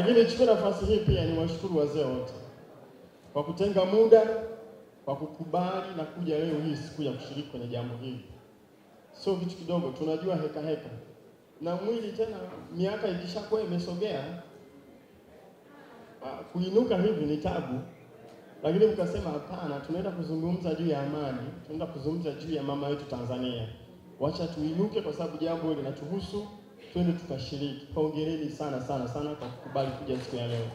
Lakini nichukue nafasi hii pia niwashukuru wazee wote kwa kutenga muda, kwa kukubali na kuja leo hii siku ya kushiriki kwenye jambo hili. Sio kitu kidogo, tunajua heka heka na mwili tena, miaka ikishakuwa imesogea ah, kuinuka hivi ni tabu, lakini mkasema hapana, tunaenda kuzungumza juu ya amani, tunaenda kuzungumza juu ya mama yetu Tanzania, wacha tuinuke, kwa sababu jambo linatuhusu twende tukashiriki. Hongereni sana sana sana kwa kukubali kuja siku ya leo,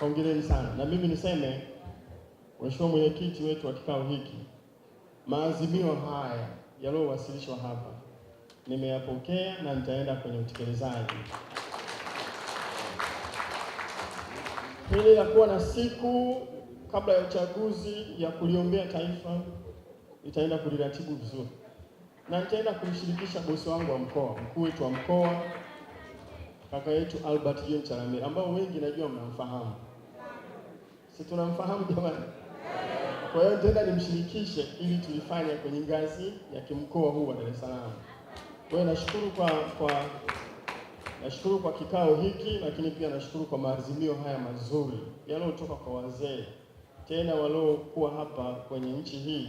hongereni sana. Na mimi niseme, mheshimiwa mwenyekiti wetu wa kikao hiki, maazimio haya yaliyowasilishwa hapa nimeyapokea na nitaenda kwenye utekelezaji. Hili la kuwa na siku kabla ya uchaguzi ya kuliombea taifa, nitaenda kuliratibu vizuri na nitaenda kumshirikisha bosi wangu wa mkoa, mkuu wetu wa mkoa, kaka yetu Albert Jean Chalamila, ambao wengi najua mnamfahamu, si tunamfahamu jamani? Kwa hiyo nitaenda nimshirikishe ili tulifanya kwenye ngazi ya kimkoa huu wa Dar es Salaam. Kwa hiyo nashukuru kwa, kwa nashukuru kwa kikao hiki, lakini pia nashukuru kwa maazimio haya mazuri yanayotoka kwa wazee tena waliokuwa hapa kwenye nchi hii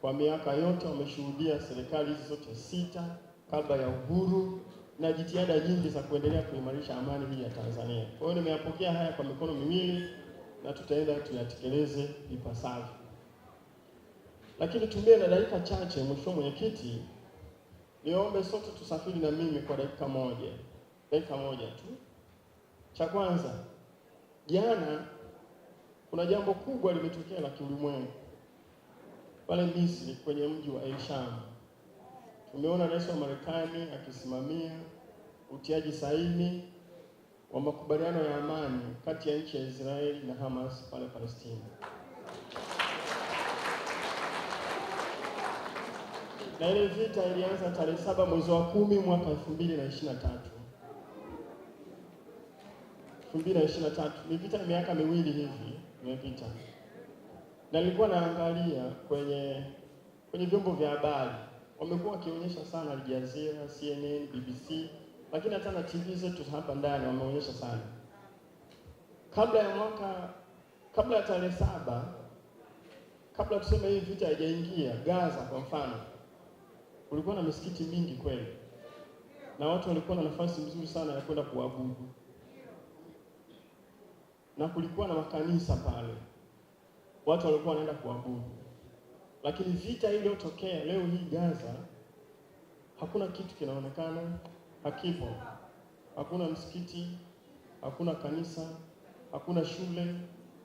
kwa miaka yote wameshuhudia serikali hizi zote sita kabla ya uhuru na jitihada nyingi za kuendelea kuimarisha amani hii ya Tanzania. Kwa hiyo nimeyapokea haya kwa mikono miwili na tutaenda tuyatekeleze ipasavyo. Lakini tumie na dakika chache, mheshimiwa mwenyekiti, niombe sote tusafiri na mimi kwa dakika moja, dakika moja tu. Cha kwanza, jana kuna jambo kubwa limetokea la kiulimwengu pale Misri kwenye mji wa aisham Tumeona rais wa Marekani akisimamia utiaji saini wa makubaliano ya amani kati ya nchi ya Israeli na Hamas pale Palestina. Na ile vita ilianza tarehe saba mwezi wa kumi mwaka 2023. 2023. Ni vita ya miaka miwili hivi imepita na nilikuwa naangalia kwenye kwenye vyombo vya habari, wamekuwa wakionyesha sana Aljazeera, CNN, BBC, lakini hata na TV zetu hapa ndani wameonyesha sana. Kabla ya mwaka, kabla ya tarehe saba, kabla tuseme hii vita haijaingia Gaza, kwa mfano, kulikuwa na misikiti mingi kweli, na watu walikuwa na nafasi nzuri sana ya kwenda kuabudu, na kulikuwa na makanisa pale watu walikuwa wanaenda kuabudu. Lakini vita iliyotokea leo hii Gaza, hakuna kitu kinaonekana, hakipo, hakuna msikiti, hakuna kanisa, hakuna shule,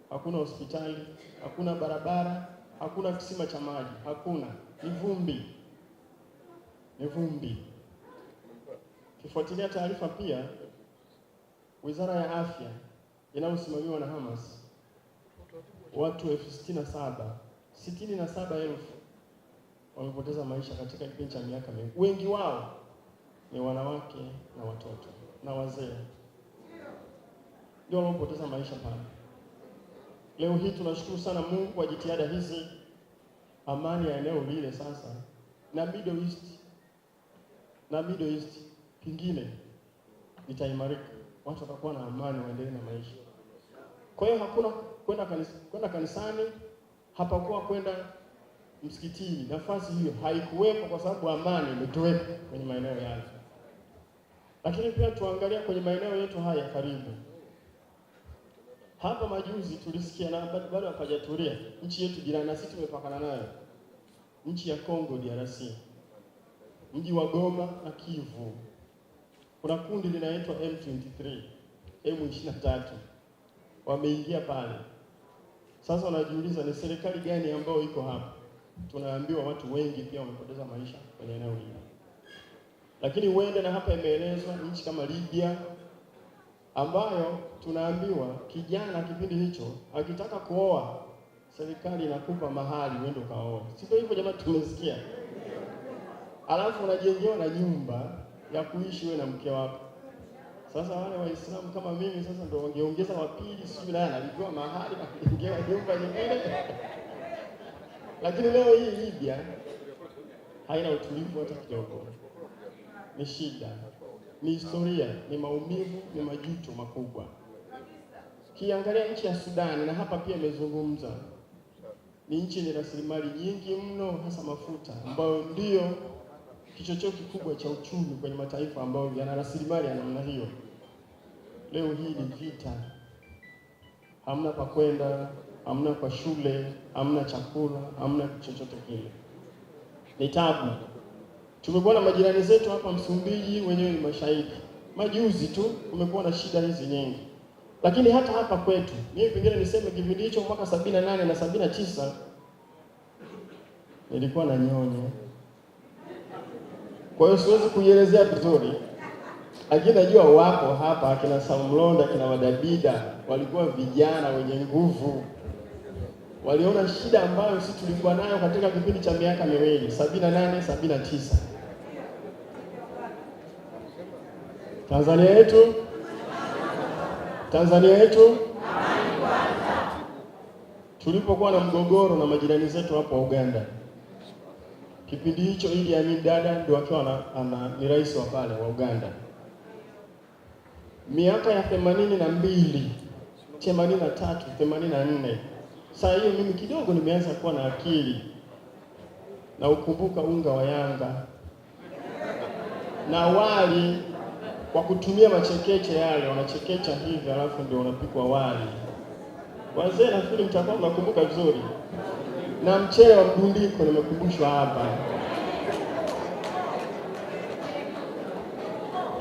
hakuna hospitali, hakuna barabara, hakuna kisima cha maji, hakuna. Ni vumbi, ni vumbi. Ukifuatilia taarifa pia, wizara ya afya inayosimamiwa na Hamas watu elfu sitini na saba sitini na saba elfu wamepoteza maisha katika kipindi cha miaka mingi. Wengi wao ni wanawake na watoto na wazee, ndio wamepoteza maisha pale. Leo hii tunashukuru sana Mungu kwa jitihada hizi, amani ya eneo lile sasa na Middle East na Middle East pingine itaimarika, watu watakuwa na amani, waendelee na maisha. Kwa hiyo hakuna kwenda kwenda kanisani hapakuwa kwenda msikitini. Nafasi hiyo haikuwepo kwa sababu amani imetoweka kwenye maeneo yale. Lakini pia tuangalia kwenye maeneo yetu haya karibu hapa, majuzi tulisikia na bado hapajatulia, nchi yetu jirani na sisi tumepakana nayo, nchi ya Kongo DRC, mji wa Goma na Kivu, kuna kundi linaitwa M23 M23 wameingia pale sasa wanajiuliza ni serikali gani ambayo iko hapa? Tunaambiwa watu wengi pia wamepoteza maisha kwenye eneo hili, lakini uende na hapa imeelezwa nchi kama Libya ambayo tunaambiwa kijana kipindi hicho akitaka kuoa serikali inakupa mahali uende ukaoa, sio Hivyo jamani, tumesikia. Alafu unajengewa na nyumba ya kuishi wewe na mke wako sasa wale Waislamu kama mimi sasa ndio wangeongeza wa pili, sijui naye analijua mahali pakujengewa nyumba nyingine. Lakini leo hii Libya haina utulivu hata kidogo, ni shida, ni historia, ni maumivu, ni majuto makubwa. Kiangalia nchi ya Sudani na hapa pia imezungumza, ni nchi yenye rasilimali nyingi mno, hasa mafuta ambayo ndiyo kichocheo kikubwa cha uchumi kwenye mataifa ambayo yana rasilimali ya namna hiyo. Leo hii ni vita, hamna pa kwenda, hamna pa shule, hamna chakula, hamna chochote kile, ni tabu. Tumekuwa na majirani zetu hapa Msumbiji, wenyewe ni mashahidi. Majuzi tu kumekuwa na shida hizi nyingi, lakini hata hapa kwetu, mimi pengine niseme kipindi hicho mwaka sabini na nane na sabini na tisa nilikuwa na nyonye kwa hiyo siwezi kuielezea vizuri lakini najua wako hapa akina Samlonda, akina Wadabida walikuwa vijana wenye nguvu, waliona shida ambayo sisi tulikuwa nayo katika kipindi cha miaka miwili sabini na nane sabini na tisa Tanzania yetu, Tanzania yetu tulipokuwa na mgogoro na majirani zetu hapo wa Uganda kipindi hicho, ili Amin Dada ndio akiwa ana, ana, ni rais wa pale wa Uganda miaka ya themanini na mbili themanini na tatu themanini na nne Saa hiyo mimi kidogo nimeanza kuwa na akili na ukumbuka unga wa Yanga na wali kwa kutumia machekeche yale, wanachekecha hivi alafu ndio unapikwa wali. Wazee nafikiri mtakuwa mnakumbuka vizuri, na mchele wa mdundiko nimekumbushwa hapa.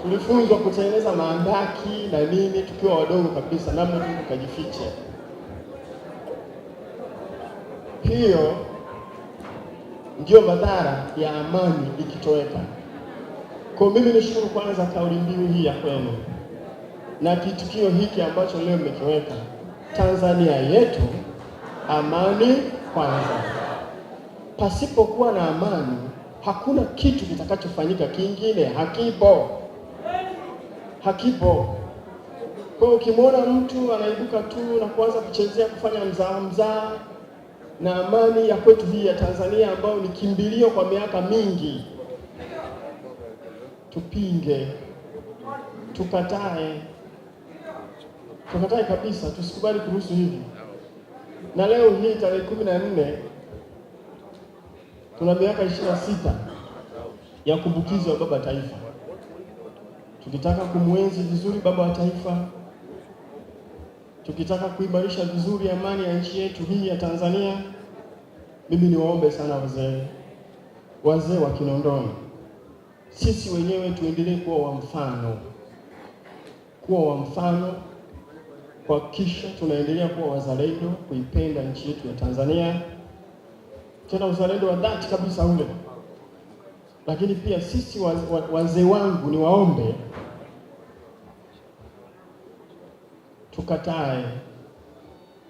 tulifunzwa kutengeneza maandaki na nini tukiwa wadogo kabisa, namna tu tukajificha. Hiyo ndiyo madhara ya amani ikitoweka. Kwa mimi nishukuru kwanza kauli mbiu hii ya kwenu na kitukio hiki ambacho leo mmekiweka, Tanzania yetu amani kwanza. Pasipokuwa na amani, hakuna kitu kitakachofanyika kingine, hakipo hakipo. Kwa hiyo ukimwona mtu anaibuka tu na kuanza kuchezea kufanya mzaa mzaa na amani ya kwetu hii ya Tanzania ambayo ni kimbilio kwa miaka mingi, tupinge, tukatae, tukatae kabisa, tusikubali kuruhusu hivi. Na leo hii tarehe kumi na nne tuna miaka ishirini na sita ya kumbukizi wa baba taifa tukitaka kumwenzi vizuri baba wa taifa, tukitaka kuimarisha vizuri amani ya nchi yetu hii ya Tanzania, mimi niwaombe sana wazee, wazee wa Kinondoni, sisi wenyewe tuendelee kuwa wa mfano, kuwa wa mfano, kisha tunaendelea kuwa wazalendo, kuipenda nchi yetu ya Tanzania, tena uzalendo wa dhati kabisa ule lakini pia sisi wazee wangu ni waombe tukatae,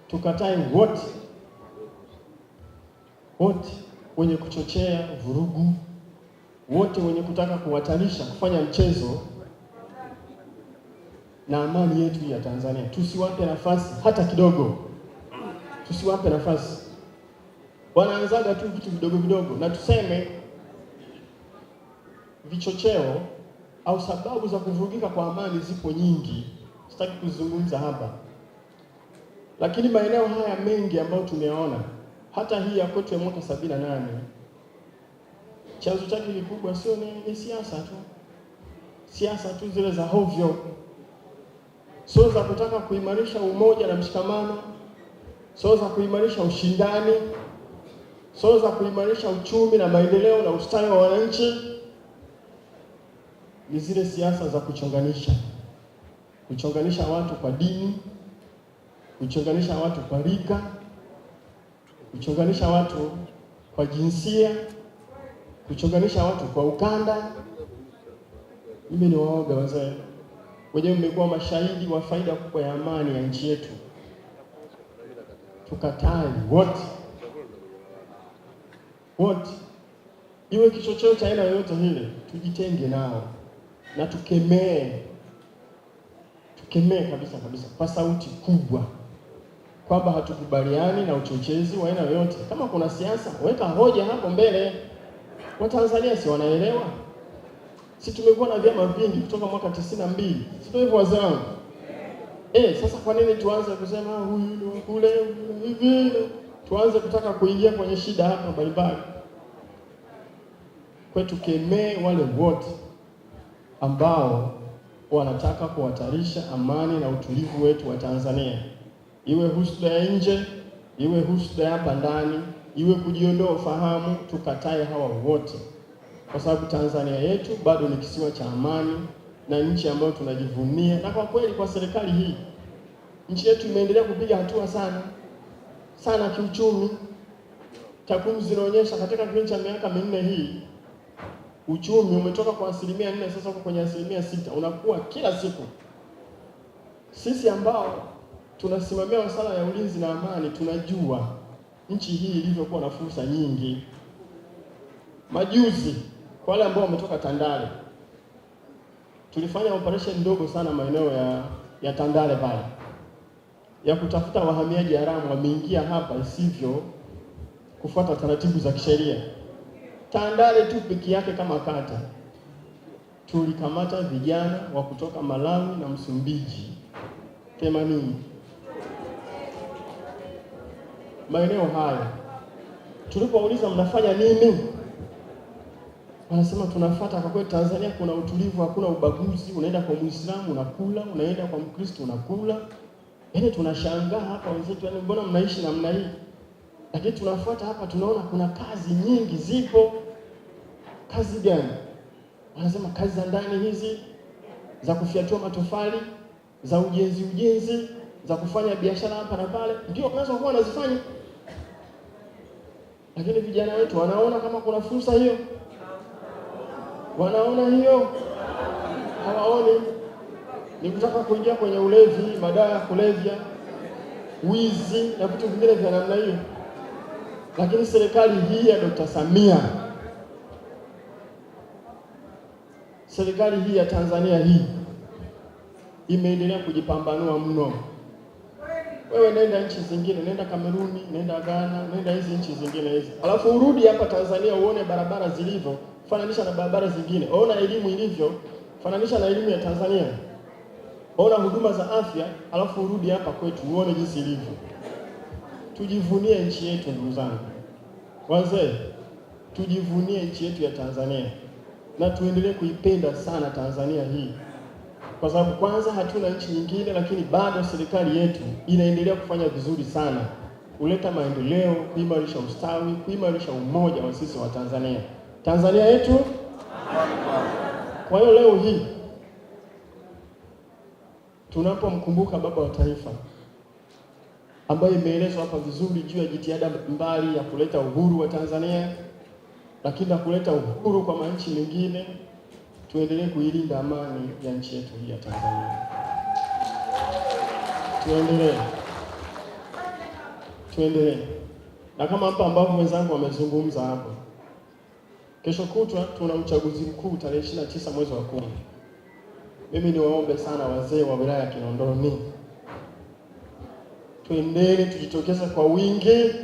tukatae wote wote wenye kuchochea vurugu, wote wenye kutaka kuwatalisha kufanya mchezo na amani yetu ya Tanzania. Tusiwape nafasi hata kidogo, tusiwape nafasi. Wanaanzaga tu vitu vidogo vidogo, na tuseme vichocheo au sababu za kuvurugika kwa amani zipo nyingi, sitaki kuzungumza hapa, lakini maeneo haya mengi ambayo tumeona, hata hii ya kwetu ya mwaka sabini na nane chanzo chake kikubwa sio ni siasa tu, siasa tu zile za hovyo, sio za kutaka kuimarisha umoja na mshikamano, sio za kuimarisha ushindani, sio za kuimarisha uchumi na maendeleo na ustawi wa wananchi ni zile siasa za kuchonganisha, kuchonganisha watu kwa dini, kuchonganisha watu kwa rika, kuchonganisha watu kwa jinsia, kuchonganisha watu kwa ukanda. Mimi ni waoga wazee, wenyewe mmekuwa mashahidi wa faida kubwa ya amani ya nchi yetu. Tukatai wote wote, iwe kichocheo cha aina yoyote ile, tujitenge nao na tukemee, tukemee kabisa kabisa kwa sauti kubwa kwamba hatukubaliani na uchochezi wa aina yoyote. Kama kuna siasa, weka hoja hapo mbele. Watanzania si wanaelewa? Si tumekuwa na vyama vingi kutoka mwaka tisini na mbili, sio hivyo wazangu? Eh, sasa kwa nini tuanze kusema ah, huyu kule hivi, tuanze kutaka kuingia kwenye shida hapa mbalimbali? Kwetu kemee wale wote ambao wanataka kuhatarisha amani na utulivu wetu wa Tanzania, iwe husda ya nje, iwe husda ya hapa ndani, iwe kujiondoa ufahamu. Tukatae hawa wote, kwa sababu Tanzania yetu bado ni kisiwa cha amani na nchi ambayo tunajivunia, na kwa kweli kwa serikali hii nchi yetu imeendelea kupiga hatua sana sana kiuchumi. Takwimu zinaonyesha katika kipindi cha miaka minne hii uchumi umetoka kwa asilimia nne, sasa uko kwenye asilimia sita, unakuwa kila siku. Sisi ambao tunasimamia masuala ya ulinzi na amani tunajua nchi hii ilivyokuwa na fursa nyingi. Majuzi kwa wale ambao wametoka Tandale, tulifanya operation ndogo sana maeneo ya, ya Tandale pale ya kutafuta wahamiaji haramu wameingia hapa isivyo kufuata taratibu za kisheria. Tandale tu peke yake kama kata tulikamata vijana wa kutoka Malawi na Msumbiji themanini maeneo haya. Tulipouliza mnafanya nini, wanasema tunafuata. Kwa kweli Tanzania kuna utulivu, hakuna ubaguzi. Unaenda kwa Muislamu unakula, unaenda kwa Mkristo unakula. Yaani tunashangaa hapa wenzetu, yaani mbona mnaishi namna hii? Lakini tunafuata hapa, tunaona kuna kazi nyingi zipo kazi gani? wanasema kazi za ndani hizi za kufyatua matofali, za ujenzi ujenzi, za kufanya biashara hapa na pale, ndio kazi wako wanazifanya. Lakini vijana wetu wanaona kama kuna fursa hiyo, wanaona hiyo, hawaoni ni kutaka kuingia kwenye ulevi, madawa ya kulevya, wizi na vitu vingine vya namna hiyo. Lakini serikali hii ya Dr. Samia serikali hii ya Tanzania hii imeendelea kujipambanua mno. Wewe nenda nchi zingine, nenda Kameruni, nenda Ghana, nenda hizi nchi zingine hizi, alafu urudi hapa Tanzania uone barabara zilivyo, fananisha na barabara zingine. Ona elimu ilivyo, fananisha na elimu ya Tanzania. Ona huduma za afya, alafu urudi hapa kwetu uone jinsi ilivyo. Tujivunie nchi yetu, ndugu zangu wazee, tujivunie nchi yetu ya Tanzania na tuendelee kuipenda sana Tanzania hii, kwa sababu kwanza hatuna nchi nyingine, lakini bado serikali yetu inaendelea kufanya vizuri sana, kuleta maendeleo, kuimarisha ustawi, kuimarisha umoja wa sisi wa Tanzania, Tanzania yetu. Kwa hiyo leo hii tunapomkumbuka baba wa taifa ambayo imeelezwa hapa vizuri juu ya jitihada mbali ya kuleta uhuru wa Tanzania lakini na kuleta uhuru kwa manchi mengine. Tuendelee kuilinda amani ya nchi yetu hii ya Tanzania, tuendelee tuendelee, na kama hapa ambavyo wenzangu wamezungumza hapo, kesho kutwa tuna uchaguzi mkuu tarehe 29 tisa mwezi wa kumi. Mimi niwaombe sana wazee wa wilaya ya Kinondoni, tuendelee tujitokeze kwa wingi,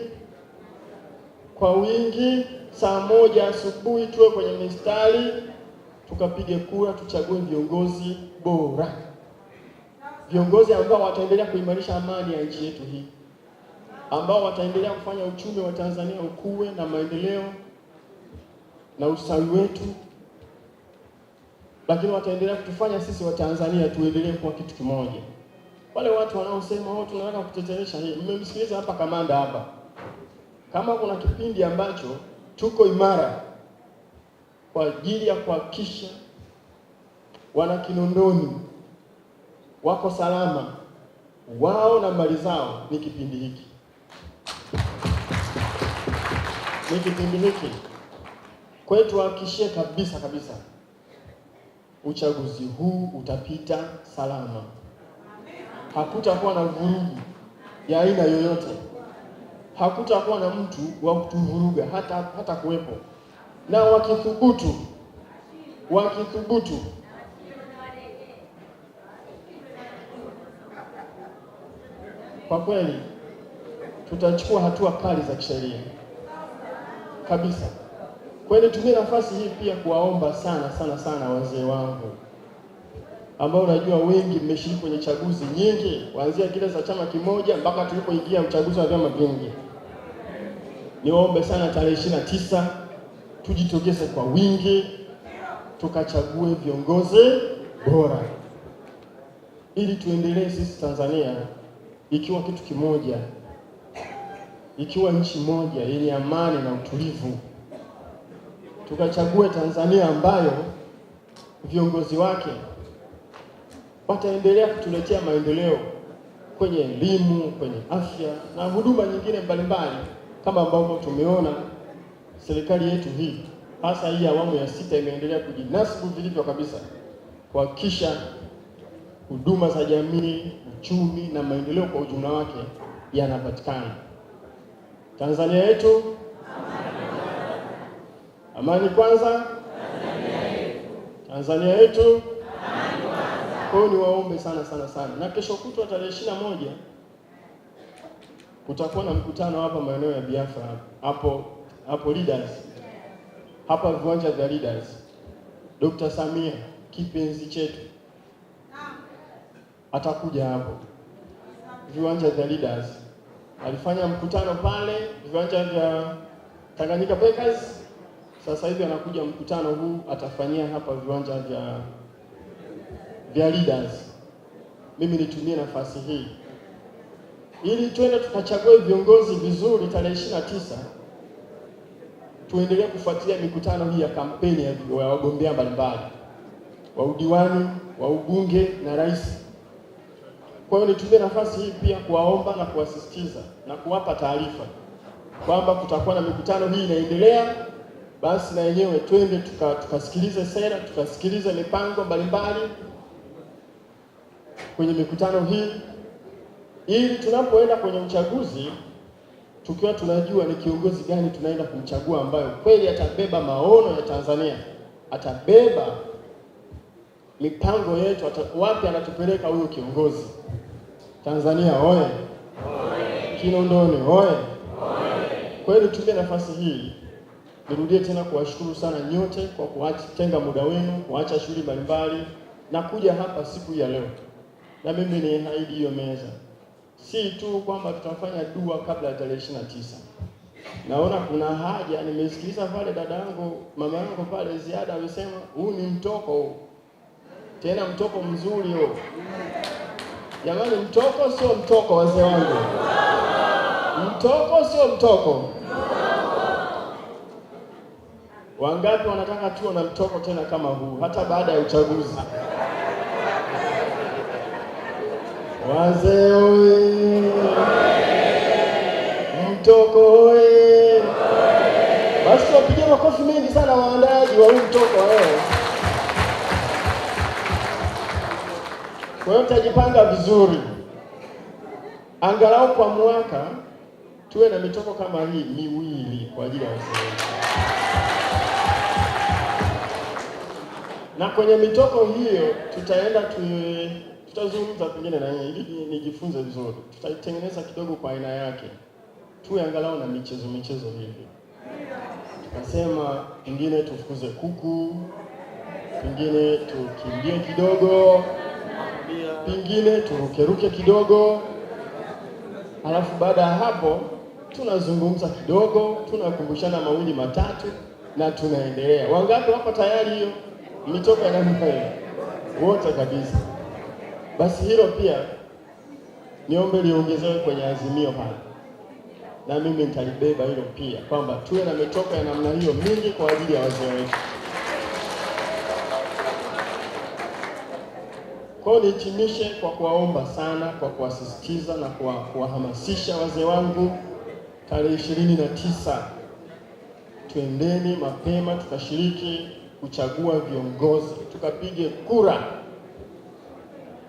kwa wingi saa moja asubuhi tuwe kwenye mistari tukapige kura, tuchague viongozi bora, viongozi ambao wataendelea kuimarisha amani ya nchi yetu hii, ambao wataendelea kufanya uchumi wa Tanzania ukue na maendeleo na ustawi wetu, lakini wataendelea kutufanya sisi Watanzania tuendelee kuwa kitu kimoja. Wale watu wanaosema wao oh, tunataka kutetelesha hii, mmemsikiliza hapa kamanda hapa, kama kuna kipindi ambacho tuko imara kwa ajili ya kuhakikisha wanakinondoni wako salama, wao na mali zao, ni kipindi hiki ni kipindi hiki kwetu, tuhakikishie kabisa kabisa uchaguzi huu utapita salama, hakutakuwa na vurugu ya aina yoyote hakutakuwa na mtu wa kutuvuruga hata, hata kuwepo na wakithubutu wakithubutu kwa kweli tutachukua hatua kali za kisheria kabisa. kweli hiyo nitumie nafasi hii pia kuwaomba sana sana sana wazee wangu ambao unajua wengi mmeshiriki kwenye chaguzi nyingi, kuanzia kile za chama kimoja mpaka tulipoingia uchaguzi wa vyama vingi niwaombe sana, tarehe ishirini na tisa tujitokeze kwa wingi tukachague viongozi bora ili tuendelee sisi Tanzania ikiwa kitu kimoja, ikiwa nchi moja yenye amani na utulivu. Tukachague Tanzania ambayo viongozi wake wataendelea kutuletea maendeleo kwenye elimu, kwenye afya na huduma nyingine mbalimbali. Kama ambavyo tumeona serikali yetu hii hasa hii awamu ya sita imeendelea kujinasibu vilivyo kabisa kuhakikisha huduma za jamii, uchumi na maendeleo kwa ujumla wake yanapatikana Tanzania yetu. Amani kwanza, Tanzania yetu. Kwa hiyo niwaombe sana sana sana, na kesho kutwa tarehe ishirini na moja Kutakuwa na mkutano hapa maeneo ya Biafra hapo hapo leaders hapa viwanja vya leaders. Dr. Samia kipenzi chetu atakuja hapo viwanja vya leaders. Alifanya mkutano pale viwanja vya Tanganyika Bakers. Sasa hivi anakuja mkutano huu atafanyia hapa viwanja vya vya leaders. Mimi nitumie nafasi hii ili twende tukachague viongozi vizuri tarehe ishirini na tisa tuendelee kufuatilia mikutano hii ya kampeni ya wagombea mbalimbali wa udiwani wa ubunge na rais. Kwa hiyo nitumie nafasi hii pia kuwaomba na kuwasisitiza na kuwapa taarifa kwamba kutakuwa na mikutano hii inaendelea, basi na yenyewe twende tukasikilize tuka sera tukasikilize mipango mbalimbali kwenye mikutano hii ili tunapoenda kwenye uchaguzi tukiwa tunajua ni kiongozi gani tunaenda kumchagua, ambayo kweli atabeba maono ya Tanzania, atabeba mipango yetu, wapi anatupeleka huyo kiongozi. Tanzania oye! Kinondoni oye! Kweli tupe nafasi hii, nirudie tena kuwashukuru sana nyote kwa kutenga muda wenu, kuacha shughuli mbalimbali na kuja hapa siku ya leo, na mimi ni haidi hiyo meza si tu kwamba tutafanya dua kabla ya tarehe ishirini na tisa. Naona kuna haja, nimesikiliza pale dada yangu mama yangu pale ziada amesema huu ni mtoko huu, tena mtoko mzuri huu. Jamani, mtoko sio mtoko, wazee wangu, mtoko sio mtoko. Wangapi wanataka tuwe na mtoko tena kama huu hata baada ya uchaguzi? Wazee oye! Mtoko oye! Basi wapigia makofi mengi sana waandaaji wa huu mtoko leo. Kwa hiyo tutajipanga vizuri, angalau kwa mwaka tuwe na mitoko kama hii miwili kwa ajili ya wazee na kwenye mitoko hiyo tutaenda tuwe tutazungumza pengine na yeye ili nijifunze vizuri. Tutaitengeneza kidogo kwa aina yake, tuwe angalau na michezo michezo hivi. Tukasema pengine tufukuze kuku, pengine tukimbie kidogo, pengine turukeruke kidogo, halafu baada ya hapo tunazungumza kidogo, tunakumbushana mawili matatu na tunaendelea. Wangapi wapo tayari? Hiyo mitoka inampa wote kabisa. Basi hilo pia niombe liongezewe kwenye azimio pale, na mimi nitalibeba hilo pia, kwamba tuwe na mitoko ya namna hiyo mingi kwa ajili ya wazee wetu. Kwayo nihitimishe kwa kuwaomba sana, kwa kuwasisitiza na kuwahamasisha wazee wangu, tarehe ishirini na tisa twendeni mapema tukashiriki kuchagua viongozi, tukapige kura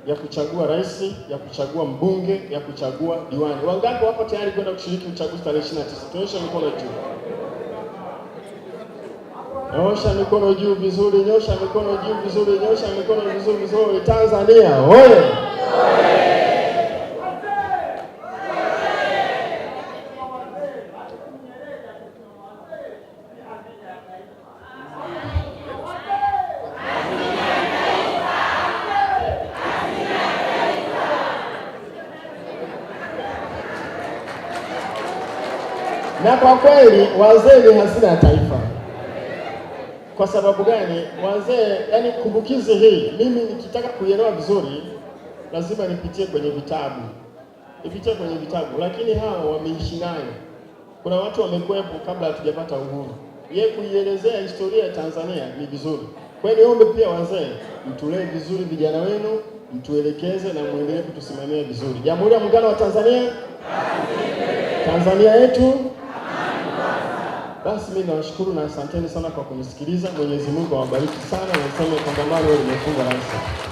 ya kuchagua rais, ya kuchagua mbunge, ya kuchagua diwani. Wangapi wako tayari kwenda kushiriki uchaguzi tarehe 29? Nyosha mikono juu, nyosha mikono juu vizuri, nyosha mikono juu vizuri, nyosha mikono vizuri vizuri. Tanzania oye! kweli wazee ni hazina ya taifa. Kwa sababu gani? Wazee yani, kumbukizi hii, mimi nikitaka kuielewa vizuri lazima nipitie kwenye vitabu, nipitie kwenye vitabu, lakini hawa wameishi nayo. Kuna watu wamekwepo kabla hatujapata uhuru, ye kuielezea historia ya Tanzania ni vizuri. kweli. Ombe niombe pia wazee, mtulee vizuri vijana wenu, mtuelekeze na mwendelee kutusimamia vizuri. Jamhuri ya Muungano wa Tanzania, Tanzania yetu basi mimi nawashukuru na asanteni sana kwa kunisikiliza. Mwenyezi Mungu awabariki sana, nasema kongamano limefungwa rasmi.